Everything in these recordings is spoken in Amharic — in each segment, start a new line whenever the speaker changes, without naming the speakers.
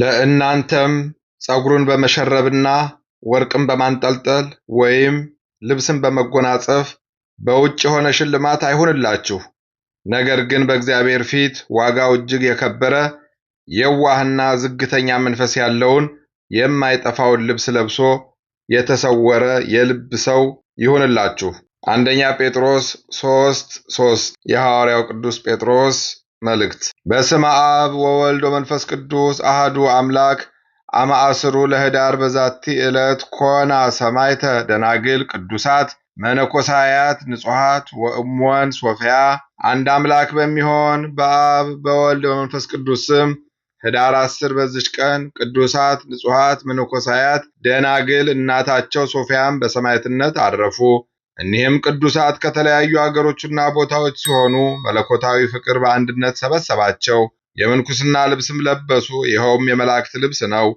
ለእናንተም ጸጉርን በመሸረብና ወርቅን በማንጠልጠል ወይም ልብስን በመጎናጸፍ በውጭ የሆነ ሽልማት አይሁንላችሁ። ነገር ግን በእግዚአብሔር ፊት ዋጋው እጅግ የከበረ የዋህና ዝግተኛ መንፈስ ያለውን የማይጠፋውን ልብስ ለብሶ የተሰወረ የልብ ሰው ይሁንላችሁ። አንደኛ ጴጥሮስ 3 3 የሐዋርያው ቅዱስ ጴጥሮስ መልእክት በስመ አብ ወወልድ ወመንፈስ ቅዱስ አህዱ አምላክ አማአስሩ ለህዳር በዛቲ ዕለት ኮና ሰማይተ ደናግል ቅዱሳት መነኮሳያት ንጹሐት ወእሞን ሶፊያ። አንድ አምላክ በሚሆን በአብ በወልድ በመንፈስ ቅዱስ ስም ህዳር አስር በዚች ቀን ቅዱሳት ንጹሐት መነኮሳያት ደናግል እናታቸው ሶፊያም በሰማዕትነት አረፉ። እኒህም ቅዱሳት ከተለያዩ አገሮችና ቦታዎች ሲሆኑ መለኮታዊ ፍቅር በአንድነት ሰበሰባቸው። የምንኩስና ልብስም ለበሱ። ይኸውም የመላእክት ልብስ ነው።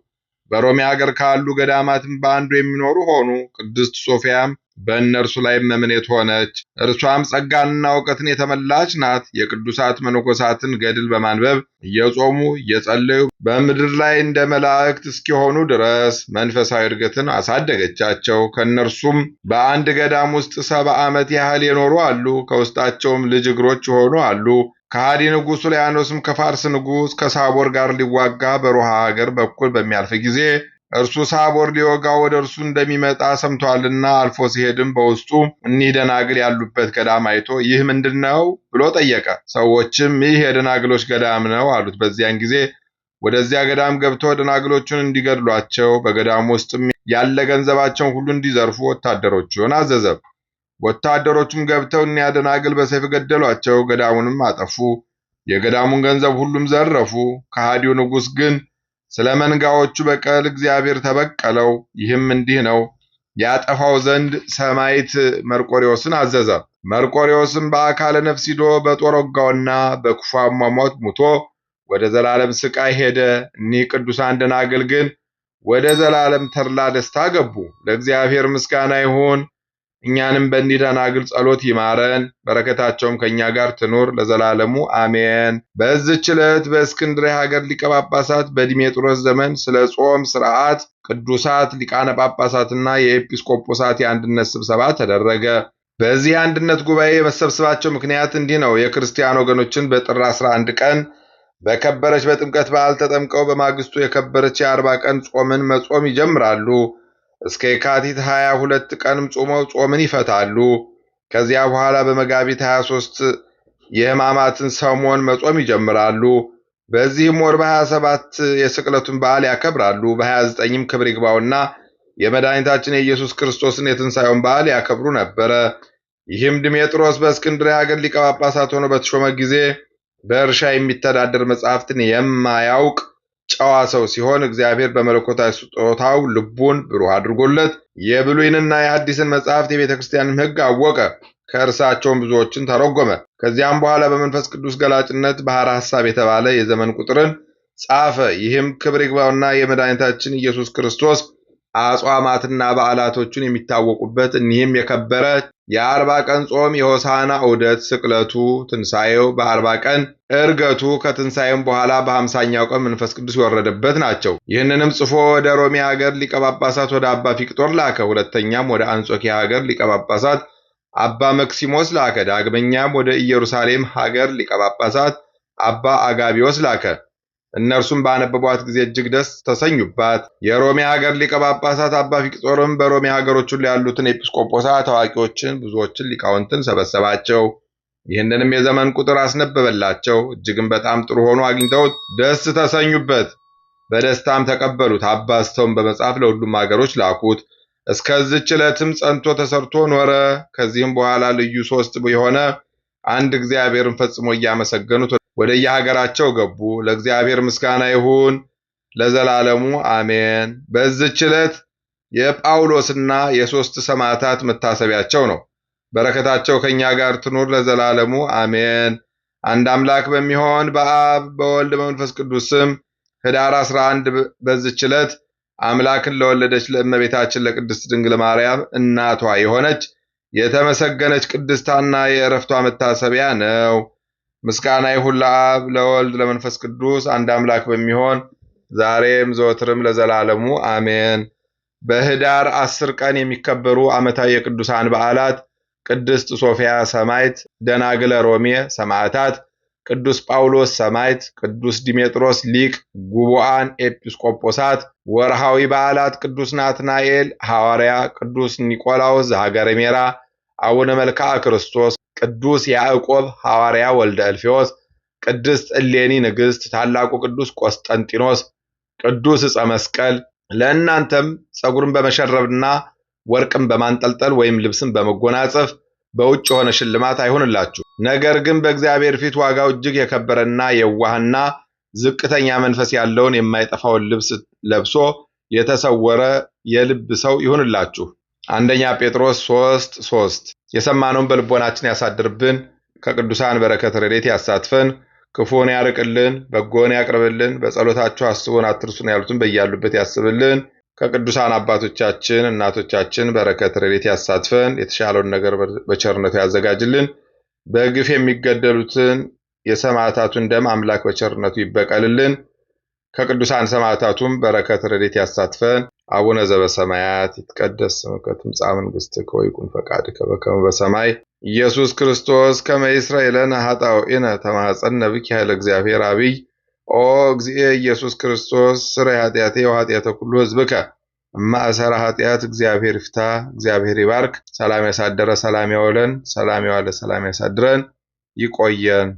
በሮሜ አገር ካሉ ገዳማትም በአንዱ የሚኖሩ ሆኑ። ቅድስት ሶፊያም በእነርሱ ላይ መምኔት ሆነች። እርሷም ጸጋንና እውቀትን የተመላች ናት። የቅዱሳት መነኮሳትን ገድል በማንበብ እየጾሙ እየጸለዩ በምድር ላይ እንደ መላእክት እስኪሆኑ ድረስ መንፈሳዊ እድገትን አሳደገቻቸው። ከእነርሱም በአንድ ገዳም ውስጥ ሰባ ዓመት ያህል የኖሩ አሉ። ከውስጣቸውም ልጅ እግሮች የሆኑ አሉ። ከሃዲ ንጉሥ ሱልያኖስም ከፋርስ ንጉሥ ከሳቦር ጋር ሊዋጋ በሮሃ ሀገር በኩል በሚያልፍ ጊዜ እርሱ ሳቦር ሊወጋ ወደ እርሱ እንደሚመጣ ሰምቷልና አልፎ ሲሄድም በውስጡ እኒህ ደናግል ያሉበት ገዳም አይቶ ይህ ምንድን ነው ብሎ ጠየቀ። ሰዎችም ይህ የደናግሎች ገዳም ነው አሉት። በዚያን ጊዜ ወደዚያ ገዳም ገብቶ ደናግሎቹን እንዲገድሏቸው በገዳም ውስጥም ያለ ገንዘባቸውን ሁሉ እንዲዘርፉ ወታደሮቹን አዘዘ። ወታደሮቹም ገብተው እኒያ ደናግል በሰይፍ ገደሏቸው፣ ገዳሙንም አጠፉ፣ የገዳሙን ገንዘብ ሁሉም ዘረፉ። ከሃዲው ንጉሥ ግን ስለ መንጋዎቹ በቀል እግዚአብሔር ተበቀለው። ይህም እንዲህ ነው ያጠፋው ዘንድ ሰማይት መርቆሬዎስን አዘዘ። መርቆሬዎስም በአካለ ነፍስ ሂዶ በጦር ወጋውና በክፉ አሟሟት ሙቶ ወደ ዘላለም ስቃይ ሄደ። እኒህ ቅዱሳን ደናግል ግን ወደ ዘላለም ተድላ ደስታ ገቡ። ለእግዚአብሔር ምስጋና ይሁን። እኛንም በእንዲህ ደናግል ጸሎት ይማረን። በረከታቸውም ከእኛ ጋር ትኑር ለዘላለሙ አሜን። በዝች ዕለት በእስክንድርያ ሀገር ሊቀ ጳጳሳት በዲሜጥሮስ ዘመን ስለ ጾም ሥርዓት ቅዱሳት ሊቃነ ጳጳሳትና የኤጲስቆጶሳት የአንድነት ስብሰባ ተደረገ። በዚህ የአንድነት ጉባኤ የመሰብሰባቸው ምክንያት እንዲህ ነው። የክርስቲያን ወገኖችን በጥር 11 ቀን በከበረች በጥምቀት በዓል ተጠምቀው በማግስቱ የከበረች የአርባ ቀን ጾምን መጾም ይጀምራሉ። እስከ የካቲት 22 ቀንም ጾመው ጾምን ይፈታሉ። ከዚያ በኋላ በመጋቢት 23 የሕማማትን ሰሞን መጾም ይጀምራሉ። በዚህም ወር በ27 የስቅለቱን በዓል ያከብራሉ። በ29ም ክብር ይግባውና የመድኃኒታችን የኢየሱስ ክርስቶስን የትንሣኤውን በዓል ያከብሩ ነበረ። ይህም ድሜጥሮስ በእስክንድርያ ሀገር ሊቀ ጳጳሳት ሆኖ በተሾመ ጊዜ በእርሻ የሚተዳደር መጻሕፍትን የማያውቅ ጨዋ ሰው ሲሆን እግዚአብሔር በመለኮታዊ ስጦታው ልቡን ብሩህ አድርጎለት የብሉይንና የአዲስን መጽሐፍት የቤተ ክርስቲያንን ሕግ አወቀ። ከእርሳቸውም ብዙዎችን ተረጎመ። ከዚያም በኋላ በመንፈስ ቅዱስ ገላጭነት ባሕረ ሐሳብ የተባለ የዘመን ቁጥርን ጻፈ። ይህም ክብር ይግባውና የመድኃኒታችን ኢየሱስ ክርስቶስ አጽዋማትና በዓላቶቹን የሚታወቁበት እኒህም የከበረ የአርባ ቀን ጾም፣ የሆሳና ዑደት፣ ስቅለቱ፣ ትንሣኤው፣ በአርባ ቀን እርገቱ ከትንሣኤም በኋላ በአምሳኛው ቀን መንፈስ ቅዱስ የወረደበት ናቸው። ይህንንም ጽፎ ወደ ሮሜ አገር ሊቀጳጳሳት ወደ አባ ፊቅጦር ላከ። ሁለተኛም ወደ አንጾኪያ ሀገር ሊቀጳጳሳት አባ መክሲሞስ ላከ። ዳግመኛም ወደ ኢየሩሳሌም ሀገር ሊቀጳጳሳት አባ አጋቢዎስ ላከ። እነርሱም ባነበቧት ጊዜ እጅግ ደስ ተሰኙባት። የሮሜ ሀገር ሊቀ ጳጳሳት አባ ፊቅጦርም በሮሜ ሀገሮች ሁሉ ያሉትን ኤጲስቆጶሳ ታዋቂዎችን፣ ብዙዎችን ሊቃውንትን ሰበሰባቸው። ይህንንም የዘመን ቁጥር አስነበበላቸው። እጅግም በጣም ጥሩ ሆኖ አግኝተውት ደስ ተሰኙበት፣ በደስታም ተቀበሉት። አባዝተውም በመጽሐፍ ለሁሉም ሀገሮች ላኩት። እስከዚች ዕለትም ጸንቶ ተሰርቶ ኖረ። ከዚህም በኋላ ልዩ ሶስት የሆነ አንድ እግዚአብሔርን ፈጽሞ እያመሰገኑት ወደየሀገራቸው ገቡ። ለእግዚአብሔር ምስጋና ይሁን ለዘላለሙ አሜን። በዚች ዕለት የጳውሎስና የሦስት ሰማዕታት መታሰቢያቸው ነው። በረከታቸው ከእኛ ጋር ትኑር ለዘላለሙ አሜን። አንድ አምላክ በሚሆን በአብ በወልድ በመንፈስ ቅዱስ ስም ኅዳር 11 በዚች ዕለት አምላክን ለወለደች ለእመቤታችን ለቅድስት ድንግል ማርያም እናቷ የሆነች የተመሰገነች ቅድስታና የእረፍቷ መታሰቢያ ነው። ምስጋና ይሁን ለአብ ለወልድ ለመንፈስ ቅዱስ አንድ አምላክ በሚሆን ዛሬም ዘወትርም ለዘላለሙ አሜን። በኅዳር አስር ቀን የሚከበሩ ዓመታዊ የቅዱሳን በዓላት ቅድስት ሶፊያ ሰማይት ደናግለ ሮሜ ሰማዕታት፣ ቅዱስ ጳውሎስ ሰማይት፣ ቅዱስ ዲሜጥሮስ ሊቅ፣ ጉቡአን ኤጲስቆጶሳት። ወርሃዊ በዓላት ቅዱስ ናትናኤል ሐዋርያ፣ ቅዱስ ኒቆላዎስ ዘሀገረ ሜራ፣ አቡነ መልክዓ ክርስቶስ ቅዱስ ያዕቆብ ሐዋርያ ወልደ እልፌዎስ፣ ቅድስት እሌኒ ንግሥት፣ ታላቁ ቅዱስ ቆስጠንጢኖስ፣ ቅዱስ ዕፀ መስቀል ለእናንተም ጸጉርን በመሸረብና ወርቅን በማንጠልጠል ወይም ልብስን በመጎናጸፍ በውጭ የሆነ ሽልማት አይሁንላችሁ። ነገር ግን በእግዚአብሔር ፊት ዋጋው እጅግ የከበረና የዋህና ዝቅተኛ መንፈስ ያለውን የማይጠፋውን ልብስ ለብሶ የተሰወረ የልብ ሰው ይሁንላችሁ። አንደኛ ጴጥሮስ 3 3 የሰማነውን በልቦናችን ያሳድርብን። ከቅዱሳን በረከት ረድኤት ያሳትፈን። ክፉን ያርቅልን፣ በጎን ያቅርብልን። በጸሎታችሁ አስቡን አትርሱን ያሉትን በያሉበት ያስብልን። ከቅዱሳን አባቶቻችን እናቶቻችን በረከት ረድኤት ያሳትፈን። የተሻለውን ነገር በቸርነቱ ያዘጋጅልን። በግፍ የሚገደሉትን የሰማዕታቱን ደም አምላክ በቸርነቱ ይበቀልልን። ከቅዱሳን ሰማዕታቱም በረከት ረድኤት ያሳትፈን። አቡነ ዘበሰማያት ይትቀደስ ስምከ ትምጻእ መንግሥትከ ወይኩን ፈቃድከ በከመ በሰማይ ኢየሱስ ክርስቶስ ከመ ይስረይ ለነ ኃጣውኢነ ተማኅፀነ ብከ ኃይለ እግዚአብሔር አብይ ኦ እግዚእየ ኢየሱስ ክርስቶስ ስረይ ኃጢአቴ ወኃጢአተ ኩሉ ሕዝብከ እማእሰረ ኃጢአት እግዚአብሔር ይፍታ፣ እግዚአብሔር ይባርክ። ሰላም ያሳደረ ሰላም ያውለን፣ ሰላም ያዋለ ሰላም ያሳድረን፣ ይቆየን።